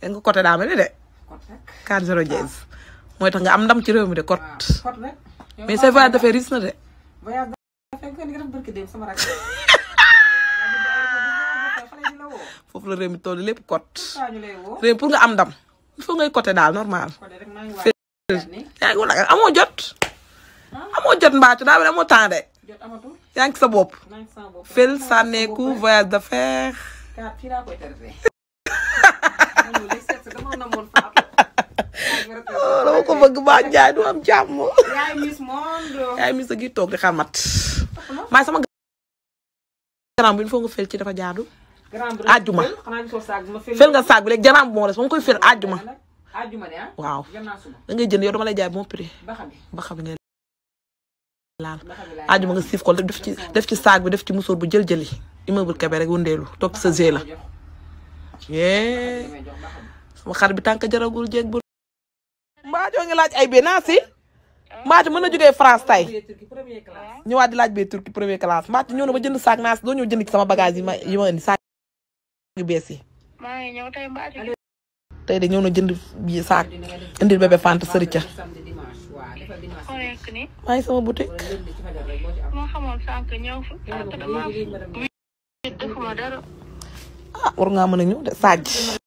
dégg nga côté daa mel ni de. quatre zéro dièse mooy tax nga am ndam ci réew mi de cote. mais sa voyage dafay risque na de. foofu la réew mi toll lépp cote. réew pour nga am ndam il faut ngay cote daal normal. yaa ngi wala amoo jot. Ah. amoo jot mbaacu daa mel amoo temps de. yaa ngi sa bopp. fel sànneeku voyage d'affaires. Oh, dama ko bëgg ba gi toog di xamat. maay sama garaam fel ci dafa jaadu. ajjuma fel nga saag bi léegi garaam bi moo des ba nga koy fel ajjuma. Ah? waaw da ngay jënd yow dama lay jaay bon prix. baxa bi ngay laal ajjuma nga siif ko def ci def ci saag bi def ci musóor bu jël jëli immeuble Kébé rek wëndeelu toog sa zee yee xar bi tànk jaragul jeeg bu mbaajoo ngi laaj ay benaa si mbaajo mën na jógee France tey ñëwaat laaj bee turki premier classe mbaajo ñëw na ba jënd saak naa doo ñëw jënd sama bagage yi ma yi ma indi saak yu bees yi tey de ñëw na jënd bi saak indil bébé Fanta sëri ca maa ngi sama boutique ah war ngaa mën a ñëw de